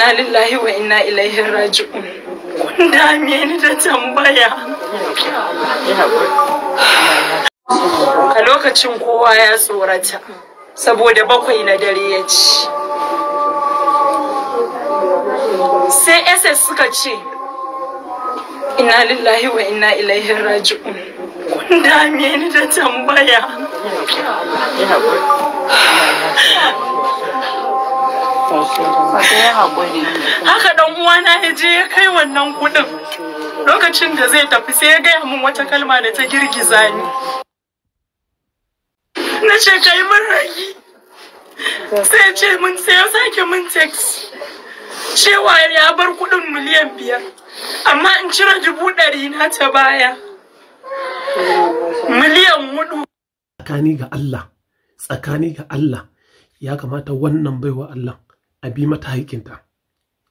inna lillahi wa inna ilaihi raji'un kun dame ni da tambaya a lokacin kowa ya tsorata saboda bakwai na dare ya ci sai ss suka ce inna lillahi wa inna ilaihi raji'un kun dame ni da tambaya haka dan uwana ya je ya kai wannan kudin lokacin da zai tafi sai ya gaya min wata kalma da ta girgiza ni na ce kai mun ragi sai ce mun sai ya sake mun text cewa ya bar kudin miliyan biyar amma in cire dubu ɗari na ta baya miliyan hudu tsakani ga Allah tsakani ga Allah ya kamata wannan baiwa Allah a bi mata haƙinta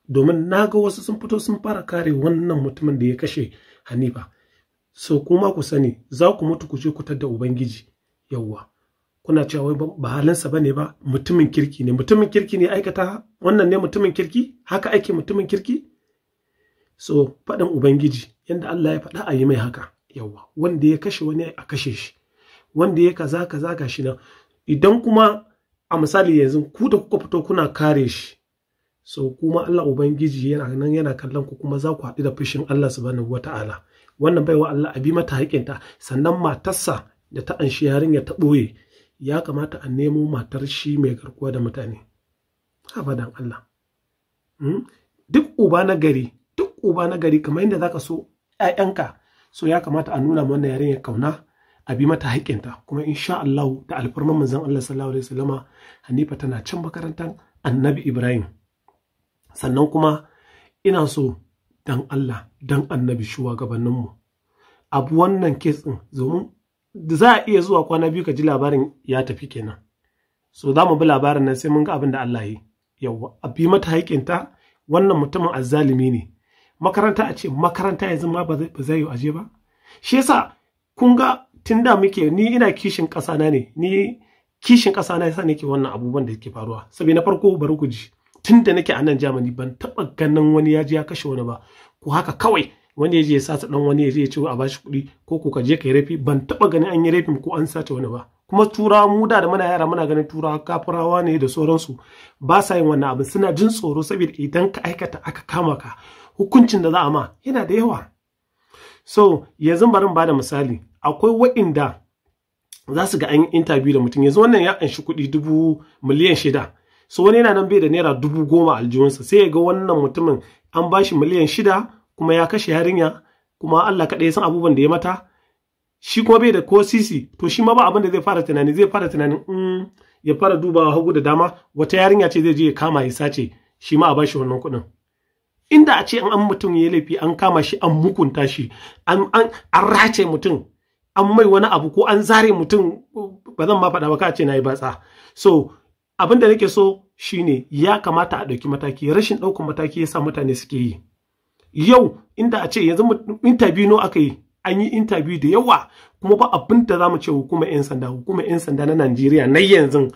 domin na ga wasu sun fito sun fara kare wannan mutumin da ya kashe hanifa so kuma ku sani za ku mutu ku je ku tadda ubangiji yawwa kuna cewa wai ba halinsa ba ne ba mutumin kirki ne mutumin kirki ne aikata wannan ne mutumin kirki haka ake mutumin kirki so faɗin ubangiji yadda Allah ya faɗa a yi mai haka yawwa wanda ya kashe wani a kashe shi wanda ya kaza kaza gashi nan idan kuma a misali yanzu ku da kuka fito kuna kare shi so kuma Allah ubangiji yana nan yana kallon ku kuma za ku haɗu da fushin Allah subhanahu wata'ala wannan baiwa Allah abi mata haƙinta sannan matarsa da ta anshi yarinya ta ɓoye ya kamata a nemo matar shi mai garkuwa da mutane abadan Allah hmm? duk uba na gari duk uba na gari kamar yadda zaka so 'ya'yanka so ya kamata a nuna mana yarinya kauna a bi mata haƙƙinta kuma insha Allah da alfarman manzon Allah sallallahu alaihi wasallama Hanifa tana can makarantar Annabi Ibrahim sannan kuma ina so dan Allah dan Annabi shugabannin mu abu wannan kes din da za a iya zuwa kwana biyu ka ji labarin ya tafi kenan so za mu bi labarin nan sai mun ga abin da Allah yi yawa a bi mata haƙƙinta wannan mutumin azzalimi ne makaranta a ce makaranta yanzu ma ba zai yi aje ba shi yasa kun ga tun da muke ni ina kishin ƙasa na ne ni kishin ƙasa na yasa nake wannan abubuwan da ke faruwa sabi na farko bari ku ji tun da nake a nan jamani ban taɓa ganin wani ya ya kashe wani ba ko haka kawai wani ya je ya sata dan wani ya je ya ce a bashi kuɗi ko ko ka je ka yi rafi ban taɓa ganin an yi rafin ko an sace wani ba kuma turawa mu da muna yara muna ganin turawa kafirawa ne da sauransu ba sa yin wannan abin suna jin tsoro saboda idan ka aikata aka kama ka hukuncin da za a ma yana da yawa so yanzu bari bada misali akwai waɗanda za su ga an interview da mutum yanzu wannan ya anshi kuɗi dubu miliyan shida so wani yana nan bai da naira dubu goma aljihunsa sai ya ga wannan mutumin an ba shi miliyan shida kuma ya kashe yarinya kuma Allah kaɗai ya san abubuwan da ya mata shi kuma bai da ko sisi to shi ma ba abin da zai fara tunani zai fara tunanin in mm, ya fara dubawa hagu da dama wata yarinya ce zai je ya kama ya sace shi ma a ba shi wannan kuɗin inda a ce an mutum ya laifi an kama shi an mukunta shi an race mutum an mai wani abu ko an zare mutum ba zan ma faɗa ba ka ce na yi batsa so abin da nake so shine ya kamata a ɗauki mataki rashin ɗaukan mataki yasa mutane suke yi yau inda a ce yanzu intabi no aka yi an yi intabi da yawa kuma ba abin da za mu ce hukumar yan sanda hukumar yan sanda na Najeriya na yanzu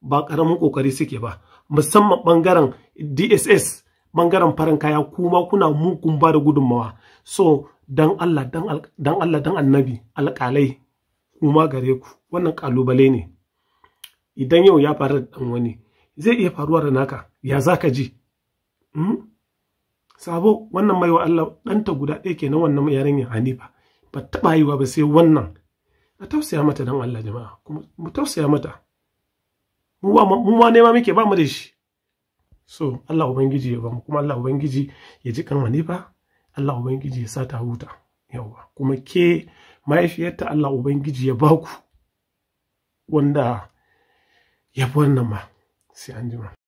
ba karamin kokari suke ba musamman bangaren DSS bangaren farin kaya kuma kuna mugun ba da gudunmawa so dan Allah dan Allah dan annabi alƙalai kuma gare ku wannan ƙalubale ne idan yau ya faru da ɗan wani zai iya faruwa da naka ya za ka ji hmm? sabo wannan maiwa Allah ɗanta guda ɗaya kenan wannan ya Hanifa ba taɓa yiwa ba sai wannan a tausaya mata don Allah jama'a kuma mu tausaya mata mu ma nema muke ba mu da shi so Allah ubangiji ya ba mu kuma Allah ubangiji ya ji kan Hanifa Allah ubangiji ya sata huta yawa kuma ke mahaifiyarta Allah ubangiji ya baku wanda ya fi wannan ma sai an